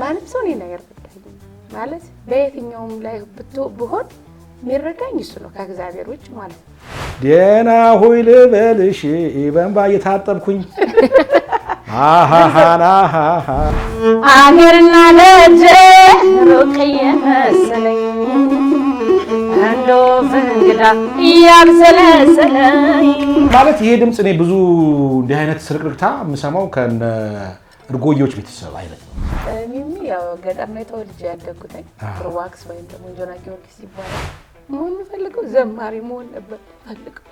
ማንም ሰው እኔን አይረዳኝም። ማለት በየትኛውም ላይ ብቶ ብሆን የሚረዳኝ እሱ ነው ከእግዚአብሔር ውጭ ማለት ነው። ደህና ሁይ ልበልሽ በእንባ እየታጠብኩኝ አገርና ደጅ ሩቅ የመሰለኝ እንደው እንግዳ እያብሰለሰለኝ ማለት ይሄ ድምፅ እኔ ብዙ እንዲህ አይነት ስርቅርቅታ የምሰማው ከነ እርጎዮች ቤተሰብ አይነት ነው። ሚሚ ገጠር ነው የተወልጄ ያደግኩትኝ ፕሮዋክስ ወይም ደግሞ ጆና ጊዮርጊስ ይባላል። መሆን የምፈልገው ዘማሪ መሆን ነበር ፈልገው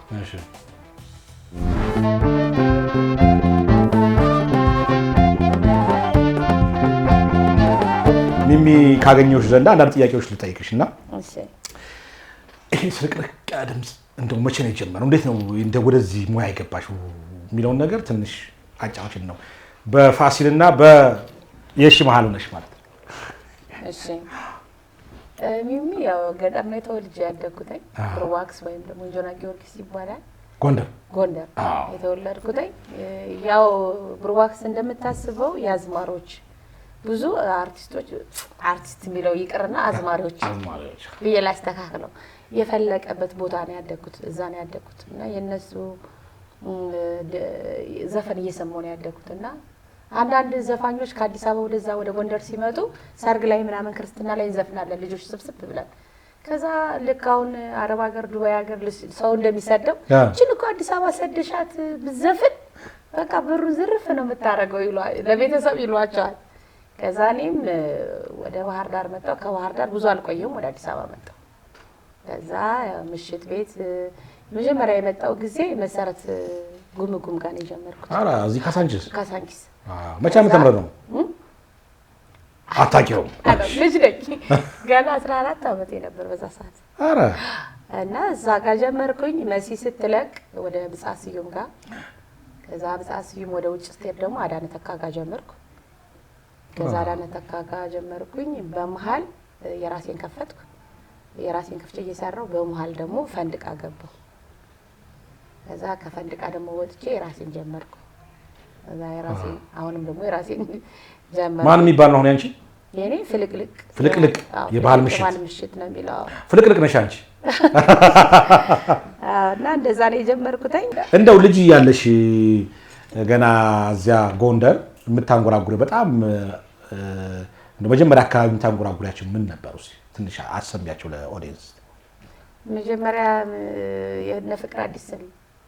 ሚሚ ካገኘሁሽ ዘንድ አንዳንድ ጥያቄዎች ልጠይቅሽ እና ይሄ ስርቅርቅ ድምፅ እንደው መቼ ነው የጀመረው? እንዴት ነው ወደዚህ ሙያ የገባሽው የሚለውን ነገር ትንሽ አጫዎችን ነው በፋሲልና በየሺ መሀል ነሽ ማለት ነው። እሺ ሚሚ ያው ገጠር ነው የተወልጄ ያደግኩትኝ ሩዋክስ ወይም ደግሞ እንጆና ጊዮርጊስ ይባላል። ጎንደር ጎንደር የተወለድኩትኝ ያው ብሩዋክስ እንደምታስበው የአዝማሪዎች ብዙ አርቲስቶች አርቲስት የሚለው ይቅርና አዝማሪዎች ብዬ ላስተካክለው የፈለቀበት ቦታ ነው ያደግኩት፣ እዛ ነው ያደግኩት እና የእነሱ ዘፈን እየሰማሁ ነው ያደጉት እና አንዳንድ ዘፋኞች ከአዲስ አበባ ወደዛ ወደ ጎንደር ሲመጡ ሰርግ ላይ ምናምን ክርስትና ላይ እንዘፍናለን ልጆች ስብስብ ብለን ከዛ ልክ አሁን አረብ ሀገር ዱባይ ሀገር ሰው እንደሚሰደው እችን እኮ አዲስ አበባ ሰደሻት ብዘፍን በቃ ብሩ ዝርፍ ነው የምታደርገው ለቤተሰብ ይሏቸዋል። ከዛ እኔም ወደ ባህር ዳር መጣሁ። ከባህር ዳር ብዙ አልቆየሁም፣ ወደ አዲስ አበባ መጣሁ። ከዛ ምሽት ቤት መጀመሪያ የመጣው ጊዜ መሰረት ጉምጉም ጋር ነው የጀመርኩት። ኧረ እዚህ ካሳንቺስ ካሳንቺስ መቼ ዓመተ ምህረት ነው? አታውቂውም? ልጅ ነኝ ገና 14 ዓመቴ ነበር በዛ ሰዓት። ኧረ እና እዛ ጋር ጀመርኩኝ። መሲ ስትለቅ ወደ ብጻ ስዩም ጋር ከዛ ብጻ ስዩም ወደ ውጭ ስትሄድ ደግሞ አዳነ ተካ ጋር ጀመርኩ። ከዛ አዳነ ተካ ጋር ጀመርኩኝ። በመሀል የራሴን ከፈትኩ። የራሴን ክፍጭ እየሰራው በመሀል ደግሞ ፈንድቃ ገባሁ። ከዛ ከፈንድቃ ደግሞ ወጥቼ የራሴን ጀመርኩ። እዛ የራሴ አሁንም ደግሞ የራሴን ጀመር። ማን የሚባል ነው ያንቺ? የኔ ፍልቅልቅ ፍልቅልቅ የባህል ምሽት ነው የሚለው። ፍልቅልቅ ነሽ አንቺ። እና እንደዛ ነው የጀመርኩተኝ። እንደው ልጅ እያለሽ ገና እዚያ ጎንደር የምታንጎራጉሪ በጣም መጀመሪያ አካባቢ የምታንጎራጉሪያቸው ምን ነበሩ? ትንሽ አሰሚያቸው ለኦዲየንስ። መጀመሪያ የነ ፍቅር አዲስ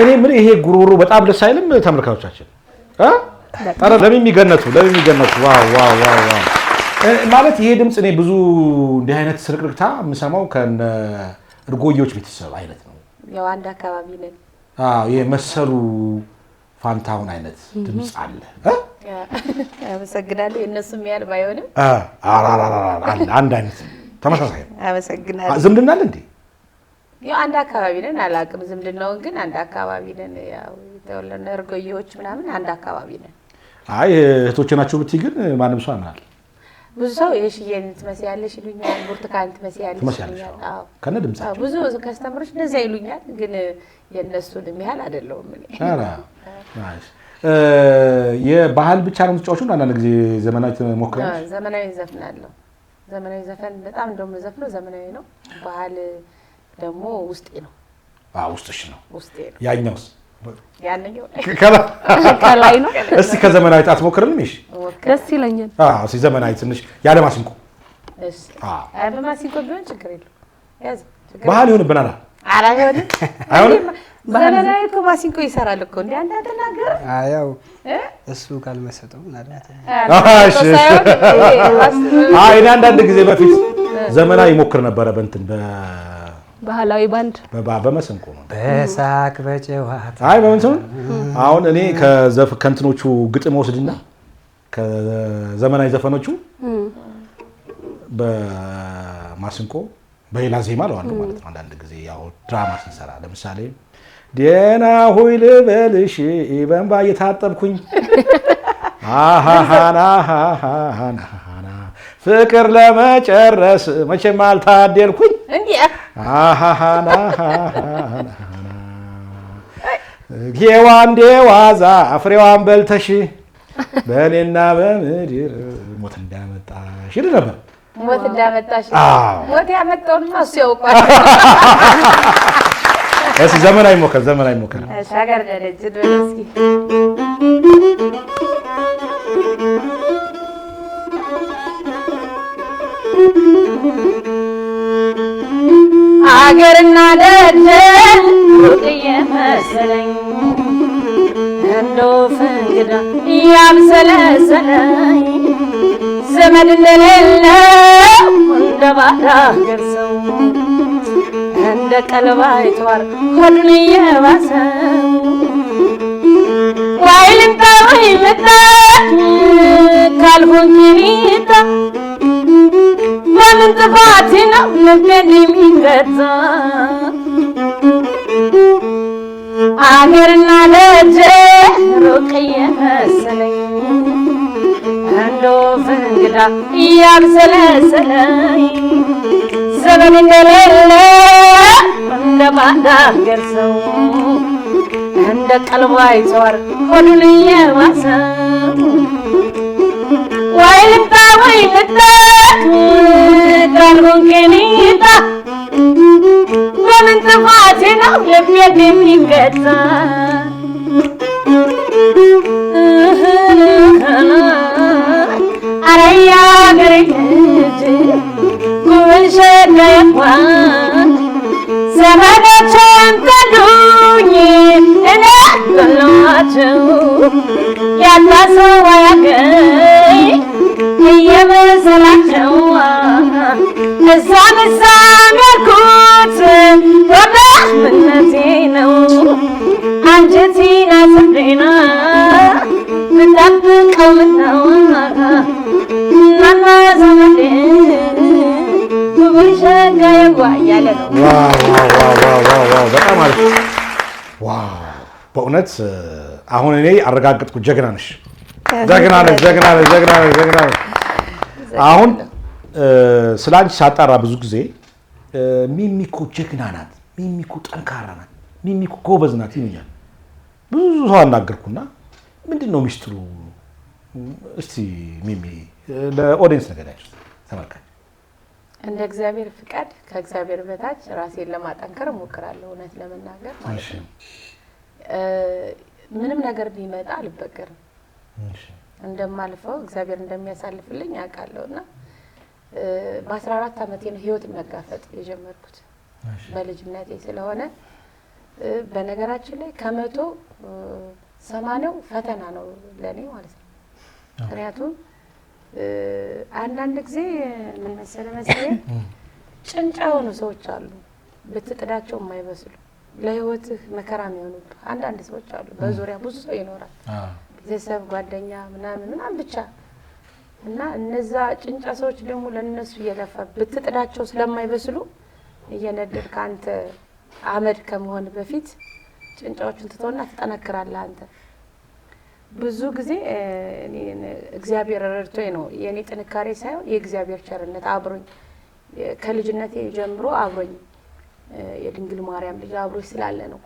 እኔ ምን ይሄ ጉሮሮ በጣም ደስ አይልም? ተመልካቾቻችን ኧረ ለሚገነቱ ለሚገነቱ ማለት ይሄ ድምፅ እኔ ብዙ እንዲህ አይነት ስርቅርቅታ የምሰማው ከነ እርጎዮች ቤተሰብ አይነት ነው። ያው አንድ አካባቢ ነን የመሰሉ ፋንታሁን አይነት ድምፅ አለ። አመሰግናለሁ። የእነሱም ያህል ባይሆንም አንድ አይነት ተመሳሳይ ነው። አመሰግናለሁ። ዝምድና አለ እንዴ? ያው አንድ አካባቢ ነን። አላውቅም ዝምድናውን፣ ግን አንድ አካባቢ ነን። ያው የተወለድነው እርጎዬዎች ምናምን አንድ አካባቢ ነን። አይ እህቶቼ ናቸው ብትይ ግን ማንም ሰው ያምናል። ብዙ ሰው የሽዬን ትመስያለሽ ይሉኛል፣ ብርቱካን ትመስያለሽ ይሉኛል። ከነ ድምጻቸው ብዙ ከስተምሮች እንደዚያ ይሉኛል። ግን የእነሱን የሚያህል አይደለሁም የባህል ብቻ ነው የምትጫወቹ? አንዳንድ ጊዜ ዘመናዊ ትሞክሪያለሽ? ዘመናዊ ዘፍናለሁ። ዘመናዊ ዘፈን በጣም እንደውም ዘፍነው ዘመናዊ ነው። ባህል ደግሞ ውስጤ ነው። ውስጥሽ ነው። ያኛውስ እስቲ ከዘመናዊ ጣት ሞክርልን። ይሽ ደስ ይለኛል። እስቲ ዘመናዊ ትንሽ ያለ ማሲንቆ በማሲንቆ ቢሆን ችግር የለውም። ባህል ይሆንብናል። አይሆንም። ዘመናዊ እኮ ማሲንቆ ይሰራል እኮ እንደ አንድ አትናገር። ያው እሱ ካልመሰጠው እኔ አንዳንድ ጊዜ በፊት ዘመናዊ ይሞክር ነበረ በእንትን ባህላዊ ባንድ በመሰንቆ ነው። በሳቅ በጨዋታ አይ በምን አሁን እኔ ከዘፍ ከንትኖቹ ግጥም ወስድና ከዘመናዊ ዘፈኖቹ በማስንቆ በሌላ ዜማ ለዋለሁ ማለት ነው። አንዳንድ ጊዜ ያው ድራማ ስንሰራ ለምሳሌ ደህና ሁይ ልበልሽ በእንባ እየታጠብኩኝ ፍቅር ለመጨረስ መቼም አልታደልኩኝ ጌዋን ዴዋዛ ፍሬዋን በልተሽ በእኔና በምድር ሞት እንዳመጣሽ ይል ነበር። ሞት እንዳመጣሽ ሞት ያመጣውን እሱ ያውቋል። እስ ዘመን አይሞከር ዘመን አይሞከር ሻገር ደረጅ እስኪ Thank you. ሀገርና ደጀን እየመሰለኝ የመሰለኝ እንደ ወፍ እንግዳ እያብሰለሰለኝ ዘመድ እንደሌለው እንደ ባዳ ሀገር ሰው እንደ ቀልብ አይተዋር ሆዱን እየባሰው ዋይ ልምጣ ወይ ልምጣ ካልሆንኪ በምን ጥፋቴ ነው ልቤን የሚገዛ አገርና ደጀ ሩቅ የመሰለኝ እንደው ፍንግዳ እያብሰለሰለኝ ዘመን እንደሌለ እንደ ባንዳ አገር ሰው እንደ ቀልቧ ይዘዋር ሆዱን እየባሰ ወይ ደግሜ የሚገዛ አረያ ገሬት ጉብልሸነ ዘመዶቼም ገሉኝ እኔ ገለዋቸው ያልባሰው አያገኝ እየመሰላቸው እሷ ምሳ ጽድይና ልጠብቀው በጣም በእውነት አሁን እኔ አረጋግጥኩ። ጀግና ነሽ፣ ጀግና ነሽ፣ ጀግና ነሽ፣ ጀግና ነሽ፣ ጀግና ነሽ። አሁን ስለ አንቺ ሳጣራ ብዙ ጊዜ ሚሚኮ ጀግና ናት፣ ሚሚኮ ጠንካራ ናት፣ ሚሚኮ ጎበዝ ናት ይሉኛል። ብዙ ሰው አናገርኩና ምንድን ነው ሚስጥሩ? እስቲ ሚሚ ለኦዲየንስ ነገዳቸው ተመልካች እንደ እግዚአብሔር ፍቃድ ከእግዚአብሔር በታች ራሴን ለማጠንከር እሞክራለሁ። እውነት ለመናገር ማለት ነው ምንም ነገር ቢመጣ አልበገርም። እንደማልፈው እግዚአብሔር እንደሚያሳልፍልኝ አውቃለሁ እና በአስራ አራት ዓመቴ ነው ህይወት መጋፈጥ የጀመርኩት በልጅነቴ ስለሆነ በነገራችን ላይ ከመቶ ሰማንያው ፈተና ነው ለእኔ ማለት ነው። ምክንያቱም አንዳንድ ጊዜ ምን መሰለ መሰለኝ ጭንጫ የሆኑ ሰዎች አሉ፣ ብትጥዳቸው የማይበስሉ ለህይወትህ መከራ የሚሆኑብህ አንዳንድ ሰዎች አሉ። በዙሪያ ብዙ ሰው ይኖራል፣ ቤተሰብ፣ ጓደኛ ምናምን ምናምን ብቻ እና እነዛ ጭንጫ ሰዎች ደግሞ ለእነሱ እየለፋ ብትጥዳቸው ስለማይበስሉ እየነደድክ ከአንተ አመድ ከመሆን በፊት ጭንጫዎቹን ትቶና ትጠነክራለህ። አንተ ብዙ ጊዜ እግዚአብሔር ረድቶ ነው የእኔ ጥንካሬ ሳይሆን የእግዚአብሔር ቸርነት አብሮኝ ከልጅነቴ ጀምሮ አብሮኝ የድንግል ማርያም ልጅ አብሮኝ ስላለ ነው።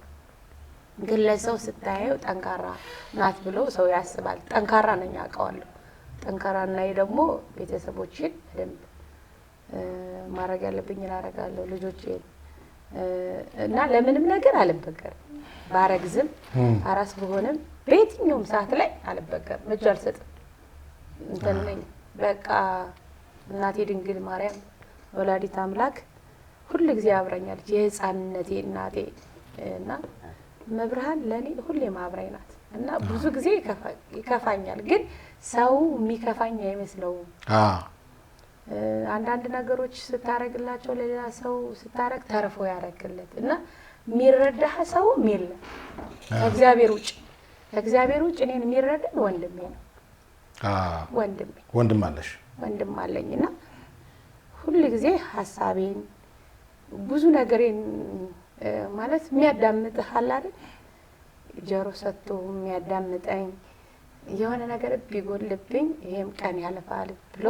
ግን ለሰው ስታየው ጠንካራ ናት ብሎ ሰው ያስባል። ጠንካራ ነኝ አውቀዋለሁ። ጠንካራ ናይ ደግሞ ቤተሰቦችን በደንብ ማድረግ ያለብኝን አደርጋለሁ ልጆቼን እና ለምንም ነገር አልበገርም። ባረግዝም አራስ በሆነም በየትኛውም ሰዓት ላይ አልበገርም፣ እጅ አልሰጥም። እንትን ነኝ በቃ እናቴ ድንግል ማርያም ወላዲት አምላክ ሁል ጊዜ አብራኛለች፣ የህፃንነቴ እናቴ እና መብርሃን ለእኔ ሁሌም አብራኝ ናት እና ብዙ ጊዜ ይከፋኛል፣ ግን ሰው የሚከፋኝ አይመስለውም። አንዳንድ ነገሮች ስታረግላቸው ለሌላ ሰው ስታረግ ተርፎ ያረግለት እና የሚረዳህ ሰውም የለም ከእግዚአብሔር ውጭ። ከእግዚአብሔር ውጭ እኔን የሚረዳን ወንድሜ ነው። ወንድሜ ወንድም አለሽ ወንድም አለኝ እና ሁል ጊዜ ሀሳቤን ብዙ ነገሬን ማለት የሚያዳምጥህ አለ አይደል? ጆሮ ሰጥቶ የሚያዳምጠኝ የሆነ ነገር ቢጎልብኝ ይሄም ቀን ያልፋል ብሎ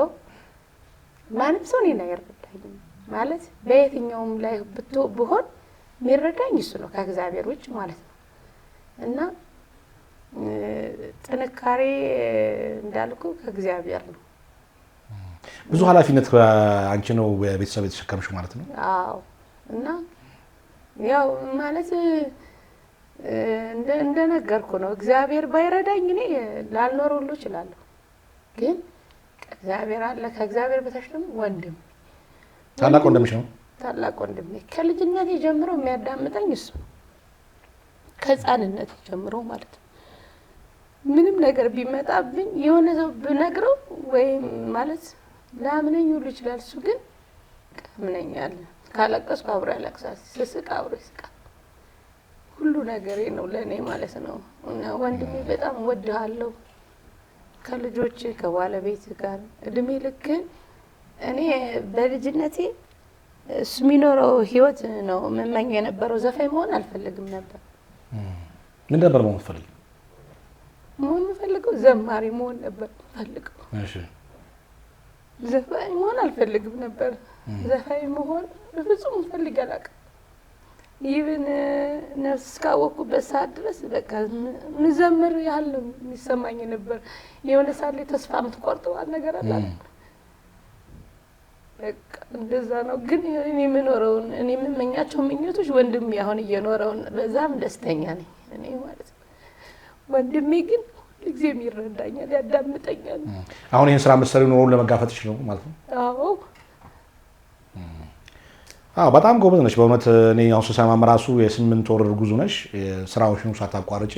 ማንም ሰው እኔን አይረዳኝም ማለት በየትኛውም ላይ ብሆን የሚረዳኝ እሱ ነው ከእግዚአብሔር ውጭ ማለት ነው። እና ጥንካሬ እንዳልኩ ከእግዚአብሔር ነው። ብዙ ኃላፊነት አንቺ ነው ቤተሰብ የተሸከምሽ ማለት ነው። አዎ እና ያው ማለት እንደነገርኩ ነው። እግዚአብሔር ባይረዳኝ እኔ ላልኖር ሁሉ እችላለሁ ግን እግዚአብሔር አለ። ከእግዚአብሔር በታች ደግሞ ወንድም ታላቅ ወንድምሽ ነው። ታላቅ ወንድም ከልጅነት ጀምሮ የሚያዳምጠኝ እሱ ከህፃንነት ጀምሮ ማለት ነው። ምንም ነገር ቢመጣብኝ የሆነ ሰው ብነግረው ወይም ማለት ላምነኝ ሁሉ ይችላል። እሱ ግን ቀምነኛል። ካለቀስኩ አብሮ ያለቅሳል፣ ስስቅ አብሮ ይስቃል። ሁሉ ነገሬ ነው ለእኔ ማለት ነው። ወንድሜ በጣም ወድሃለሁ ከልጆች ከባለቤት ጋር እድሜ ልክን እኔ በልጅነቴ እሱ የሚኖረው ህይወት ነው የምመኘው የነበረው። ዘፋኝ መሆን አልፈልግም ነበር። ምን ነበር መሆን ፈልግ መሆን የምፈልገው ዘማሪ መሆን ነበር ፈልገው። ዘፋኝ መሆን አልፈልግም ነበር። ዘፋኝ መሆን በፍጹም ፈልግ አላውቅም። ይብን ነፍስ እስካወቅኩበት ሰዓት ድረስ በቃ ምዘምር ያህል የሚሰማኝ ነበር። የሆነ ሰዓት ተስፋ የምትቆርጠዋል ነገር አለ በቃ እንደዛ ነው። ግን እኔ የምኖረውን እኔ የምመኛቸው ምኞቶች ወንድሜ አሁን እየኖረውን በዛም ደስተኛ ነኝ እኔ ማለት ነው። ወንድሜ ግን ሁልጊዜም ይረዳኛል፣ ያዳምጠኛል። አሁን ይህን ስራ መሰሪ ኑሮውን ለመጋፈጥ ይችለው ማለት ነው። አዎ አዎ በጣም ጎበዝ ነች በእውነት እኔ ያው ስሰማም ራሱ የስምንት ወር ጉዞ ነሽ ስራዎሽን ሳታቋርጪ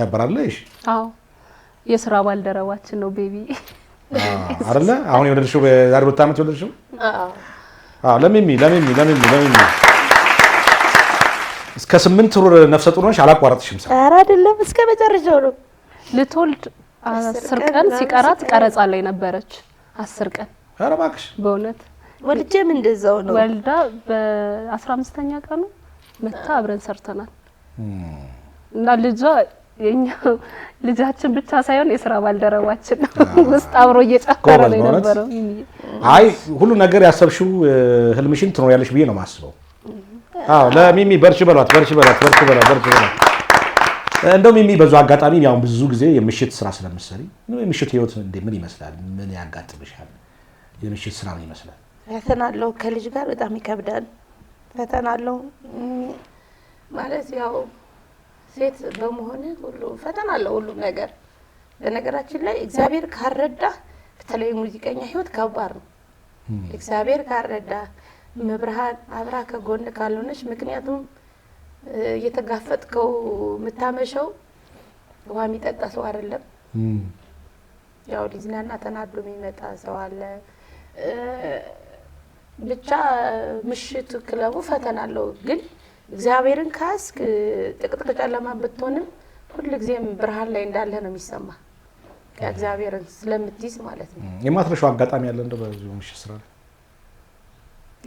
ነበራለሽ። አዎ የስራ ባልደረባችን ነው ቤቢ አይደለ? አሁን የወለድሽው ዛሬ ሁለት ዓመት የወለድሽው? አዎ ለሚሚ ለሚሚ ለሚሚ ለሚሚ እስከ ስምንት ወር ነፍሰ ጡር ነሽ አላቋረጥሽም? ሰው ኧረ አይደለም እስከ መጨረሻው ነው። ልትወልድ አስር ቀን ሲቀራት ቀረጻ ላይ ነበረች። አስር ቀን ኧረ እባክሽ በእውነት ወልጄም እንደዛው ነው። ወልዳ በአስራ አምስተኛ ቀኑ መታ አብረን ሰርተናል እና ልጇ የኛ ልጃችን ብቻ ሳይሆን የስራ ባልደረባችን ነው። ውስጥ አብሮ እየጨፈረ ነው የነበረው። አይ ሁሉ ነገር ያሰብሽው ህልምሽን ትኖሪያለሽ ብዬ ነው የማስበው። አዎ ለሚሚ በርሽ በሏት፣ በርሽ በሏት፣ በርሽ በሏት፣ በርሽ በሏት። እንደው ሚሚ በዙ አጋጣሚ ያው ብዙ ጊዜ የምሽት ስራ ስለምትሰሪ ነው የምሽት ህይወት እንደምን ይመስላል? ምን ያጋጥምሻል? የምሽት ስራ ምን ይመስላል? ፈተና አለው። ከልጅ ጋር በጣም ይከብዳል። ፈተና አለው ማለት ያው ሴት በመሆነ ሁሉ ፈተና አለው ሁሉም ነገር። በነገራችን ላይ እግዚአብሔር ካረዳ በተለይ ሙዚቀኛ ህይወት ከባድ ነው። እግዚአብሔር ካረዳ መብርሃን አብራ ከጎን ካልሆነች፣ ምክንያቱም እየተጋፈጥከው የምታመሸው ውሃ የሚጠጣ ሰው አይደለም። ያው ሊዝናና ተናዶ የሚመጣ ሰው አለ። ብቻ ምሽት ክለቡ ፈተና አለው። ግን እግዚአብሔርን ካስክ ጥቅጥቅ ጨለማ ብትሆንም ሁሉ ጊዜም ብርሃን ላይ እንዳለ ነው የሚሰማ እግዚአብሔርን ስለምትይዝ ማለት ነው። የማትረሻው አጋጣሚ ያለ እንደ በዚሁ ምሽት ስራ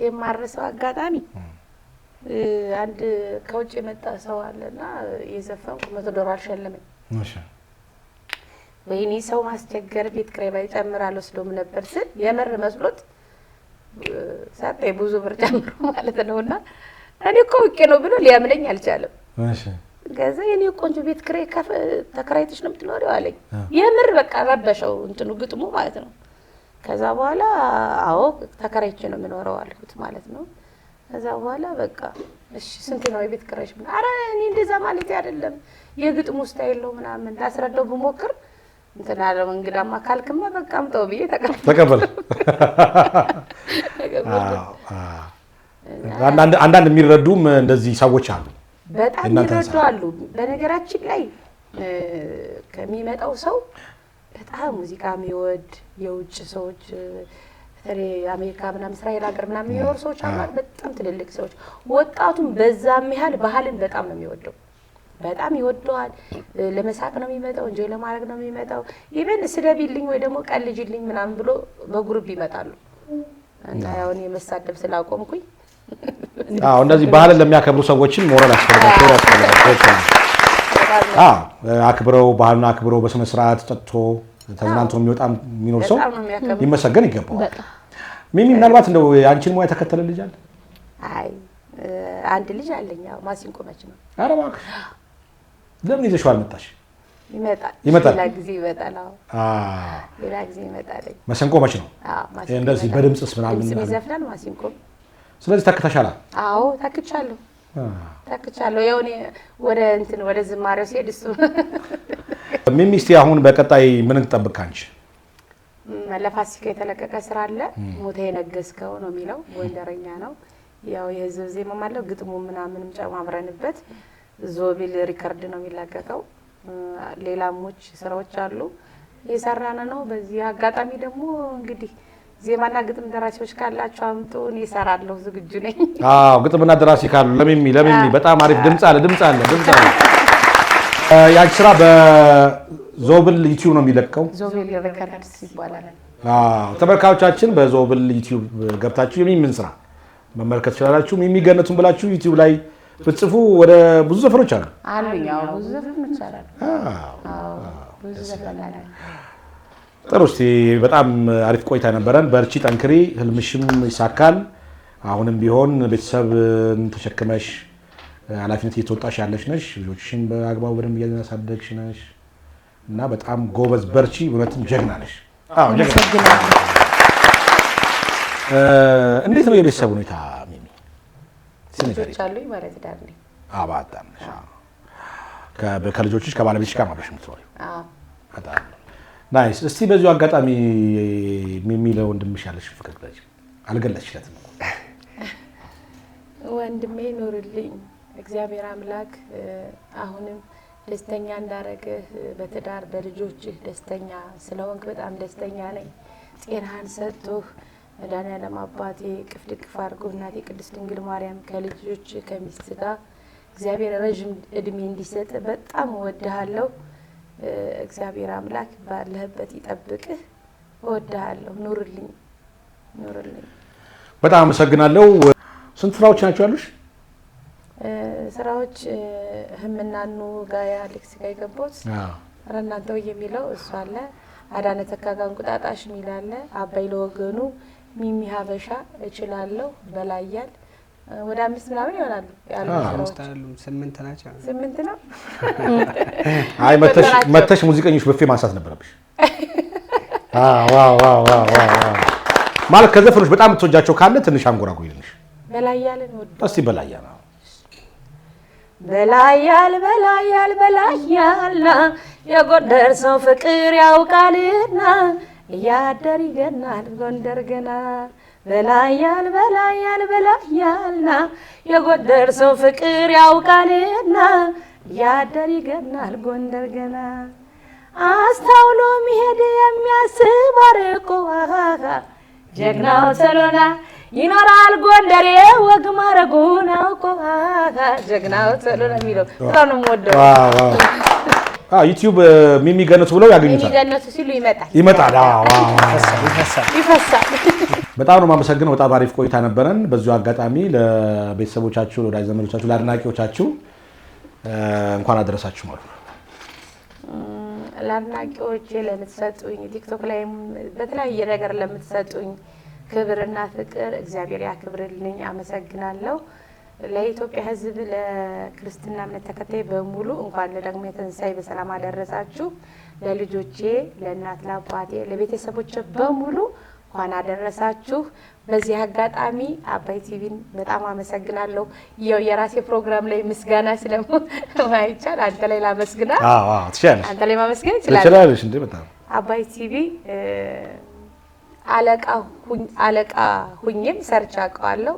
የማረሰው አጋጣሚ አንድ ከውጭ የመጣ ሰው አለና የዘፈንኩ መቶ ዶሮ አልሸለመኝ። ወይኔ ሰው ማስቸገር ቤት ኪራይ ይጨምራል ወስዶም ነበር ስል የምር መስሎት ሰጠኝ ብዙ ብር ጨምሮ ማለት ነው። እና እኔ እኮ ውቄ ነው ብሎ ሊያምለኝ አልቻለም። ገዛ የኔ ቆንጆ ቤት ክሬ ተከራይተሽ ነው የምትኖሪው አለኝ። የምር በቃ ረበሸው እንትኑ ግጥሙ ማለት ነው። ከዛ በኋላ አዎ ተከራይቼ ነው የምኖረው አልኩት ማለት ነው። ከዛ በኋላ በቃ እሺ ስንት ነው የቤት ክራይሽ? ኧረ እኔ እንደዛ ማለት አይደለም የግጥሙ ስታይል ነው ምናምን ላስረዳው ብሞክር እንትን ያለው እንግዳማ ካልክማ በቃ አምጣው ብዬ ተቀበል። አንዳንድ የሚረዱም እንደዚህ ሰዎች አሉ፣ በጣም የሚረዱ አሉ። በነገራችን ላይ ከሚመጣው ሰው በጣም ሙዚቃ የሚወድ የውጭ ሰዎች በተለይ አሜሪካ ምናምን እስራኤል ሀገር ምናምን የሚኖሩ ሰዎች አሉ፣ በጣም ትልልቅ ሰዎች። ወጣቱም በዛም ያህል ባህልን በጣም ነው የሚወደው። በጣም ይወደዋል። ለመሳቅ ነው የሚመጣው፣ እንጆይ ለማድረግ ነው የሚመጣው። ኢቨን ስደቢልኝ ወይ ደግሞ ቀልጅልኝ ምናምን ብሎ በጉርብ ይመጣሉ እና ያሁን የመሳደብ ስላቆምኩኝ እነዚህ ባህልን ለሚያከብሩ ሰዎችን ሞራል ያስፈልጋቸው ያስፈልጋቸው አክብረው ባህሉን አክብረው በስነ ስርዓት ጠጥቶ ተዝናንቶ የሚወጣ የሚኖር ሰው ሊመሰገን ይገባዋል። ሚሚ ምናልባት እንደው የአንቺን ሙያ የተከተለ ልጅ አለ? አይ አንድ ልጅ አለኝ። ማሲንቆ መች ነው ለምን ይዘሽ አልመጣሽ? ይመጣል ይመጣል፣ ሌላ ይመጣል። አዎ ሌላ ጊዜ ይመጣል። መሰንቆ መች ነው እንደዚህ በድምፅስ ምናምን ይዘፍናል ማሲንቆ። ስለዚህ ታክተሻል? አዎ ታክቻለሁ፣ ታክቻለሁ። ያው እኔ ወደ እንትን ወደ ዝማሬው ሲሄድ እሱ ሚሚ። እስኪ አሁን በቀጣይ ምን እንጠብቅ አንቺ? ለፋሲካ የተለቀቀ ስራ አለ ሞተ የነገስከው ነው የሚለው ጎንደረኛ ነው። ያው የህዝብ ዜማም አለው ግጥሙ ምናምንም ጨማምረንበት ዞቢል ሪከርድ ነው የሚለቀቀው። ሌላሞች ስራዎች አሉ እየሰራን ነው። በዚህ አጋጣሚ ደግሞ እንግዲህ ዜማና ግጥም ደራሲዎች ካላቸው አምጡ፣ እኔ እሰራለሁ፣ ዝግጁ ነኝ። አዎ ግጥምና ደራሲ ካሉ ለሚሚ ለሚሚ በጣም አሪፍ ድምፅ አለ፣ ድምፅ አለ፣ ድምፅ አለ። ያቺ ስራ በዞብል ዩቲዩብ ነው የሚለቀው፣ ዞብል ሪከርድስ ይባላል። አዎ ተመልካቾቻችን በዞብል ዩቲዩብ ገብታችሁ የሚምን ስራ መመልከት ትችላላችሁ። የሚገነቱን ብላችሁ ዩቲዩብ ላይ ብትጽፉ ወደ ብዙ ዘፈኖች አሉ አሉኝ። አዎ ብዙ ዘፈኖች አሉ። አዎ ብዙ ዘፈኖች አሉ። ጥሩ። እስቲ በጣም አሪፍ ቆይታ ነበረን። በርቺ፣ ጠንክሪ፣ ህልምሽም ይሳካል። አሁንም ቢሆን ቤተሰብን ተሸክመሽ ኃላፊነት እየተወጣሽ ያለሽ ነሽ። ልጆችሽን በአግባቡ በደንብ እያሳደግሽ ነሽ እና በጣም ጎበዝ፣ በርቺ። እውነትም ጀግና ነሽ። እንዴት ነው የቤተሰብ ሁኔታ? ልጆች አሉኝ። ባለትዳር ነኝ። በጣም ከልጆችሽ ከባለቤትሽ ጋር ማለሽ ምትኖሪ? ናይስ። እስቲ በዚሁ አጋጣሚ የሚለው ወንድምሽ ያለሽ ፍቅር ግለጭ። አልገለጽሽለትም። ወንድሜ ኖርልኝ፣ እግዚአብሔር አምላክ አሁንም ደስተኛ እንዳረግህ በትዳር በልጆችህ ደስተኛ ስለሆንክ በጣም ደስተኛ ነኝ። ጤናህን ሰጥቶህ መድኃኔዓለም አባቴ ቅፍ ድቅፍ አድርጎ እናቴ ቅድስት ድንግል ማርያም ከልጆች ከሚስት ጋር እግዚአብሔር ረዥም እድሜ እንዲሰጥ በጣም እወድሃለሁ። እግዚአብሔር አምላክ ባለህበት ይጠብቅህ። እወድሃለሁ። ኑርልኝ፣ ኑርልኝ። በጣም አመሰግናለሁ። ስንት ስራዎች ናቸው ያሉሽ? ስራዎች ህምናኑ ጋያ ልክስ ጋ የገባሁት ረናንተው የሚለው እሱ አለ። አዳነ ተካጋ እንቁጣጣሽ የሚል አለ። አባይ ለወገኑ ሚሚ ሀበሻ እችላለሁ በላያል ወደ አምስት ምናምን ይሆናሉ ያሉ ስምንት ናቸው። ስምንት ነው። አይ መተሽ ሙዚቀኞች ብፌ ማንሳት ነበረብሽ ማለት ከዘፈኖች በጣም የምትወጃቸው ካለ ትንሽ አንጎራጉይልንሽ። በላያልን እስቲ በላያል በላያል በላያል በላያል የጎንደር ሰው ፍቅር ያውቃልና እያደር ይገናል ጎንደር ገና በላያል በላያል በላያልና የጎንደር ሰው ፍቅር ያውቃልና እያደር ይገናል ጎንደር ገና አስታውሎ መሄድ የሚያስብ አርቆ ጀግናው ሰሎና ይኖራል ጎንደሬ ወግ ማረጉን አውቆ ጀግናው ሰሎና የሚለው ነው የምወደው። ዩቲዩብ የሚገነቱ ብለው ያገኙታል። ይመጣል፣ ይፈሳል። በጣም ነው የማመሰግነው። በጣም አሪፍ ቆይታ ነበረን። በዚሁ አጋጣሚ ለቤተሰቦቻችሁ፣ ለወዳጅ ዘመዶቻችሁ፣ ለአድናቂዎቻችሁ እንኳን አደረሳችሁ ማለት ነው። ለአድናቂዎቼ ለምትሰጡኝ፣ ቲክቶክ ላይም በተለያየ ነገር ለምትሰጡኝ ክብርና ፍቅር እግዚአብሔር ያክብርልኝ። አመሰግናለሁ። ለኢትዮጵያ ሕዝብ ለክርስትና እምነት ተከታይ በሙሉ እንኳን ደግሞ ትንሣኤ በሰላም አደረሳችሁ። ለልጆቼ፣ ለእናት ለአባቴ፣ ለቤተሰቦች በሙሉ እንኳን አደረሳችሁ። በዚህ አጋጣሚ አባይ ቲቪን በጣም አመሰግናለሁ። ያው የራሴ ፕሮግራም ላይ ምስጋና ስለሞ ስለማይቻል አንተ ላይ ላመስግና አንተ ላይ ማመስገን ይችላለሽ። አባይ ቲቪ አለቃ ሁኝም ሰርቻ አውቀዋለሁ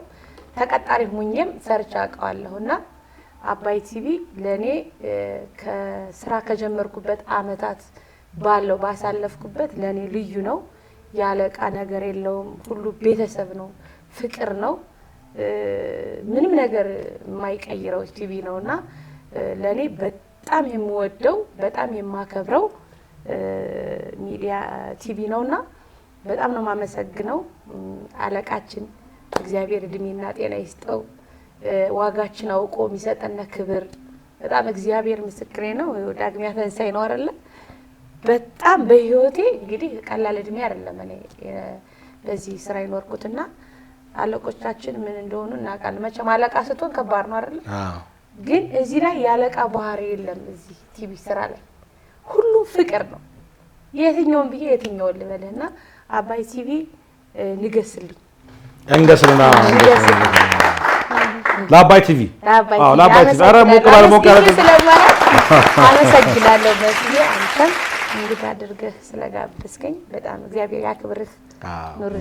ተቀጣሪ ሁኜም ሰርች አውቀዋለሁ እና አባይ ቲቪ ለእኔ ከስራ ከጀመርኩበት አመታት ባለው ባሳለፍኩበት ለእኔ ልዩ ነው። የአለቃ ነገር የለውም። ሁሉ ቤተሰብ ነው፣ ፍቅር ነው። ምንም ነገር የማይቀይረው ቲቪ ነው እና ለእኔ በጣም የምወደው በጣም የማከብረው ሚዲያ ቲቪ ነው እና በጣም ነው የማመሰግነው አለቃችን እግዚአብሔር እድሜና ጤና ይስጠው። ዋጋችን አውቆ የሚሰጠነ ክብር በጣም እግዚአብሔር ምስክሬ ነው። ዳግሚያ ተንሳይ ነው አይደለ? በጣም በህይወቴ እንግዲህ ቀላል እድሜ አይደለም እኔ በዚህ ስራ ይኖርኩትና አለቆቻችን ምን እንደሆኑ እናውቃለን። መቼም አለቃ ስትሆን ከባድ ነው አይደለም? ግን እዚህ ላይ የአለቃ ባህሪ የለም። እዚህ ቲቪ ስራ ላይ ሁሉም ፍቅር ነው። የትኛውን ብዬ የትኛውን ልበልህና አባይ ቲቪ ንገስልኝ እንገስልና ለአባይ ቲቪ ለአባይ ቲቪ ኧረ ሞቅ ባለ ሞቅ ያለ አመሰግናለሁ። በዚህ አንተም እንግዳ አድርገህ ስለጋበዝከኝ በጣም እግዚአብሔር ያክብርህ ኑር።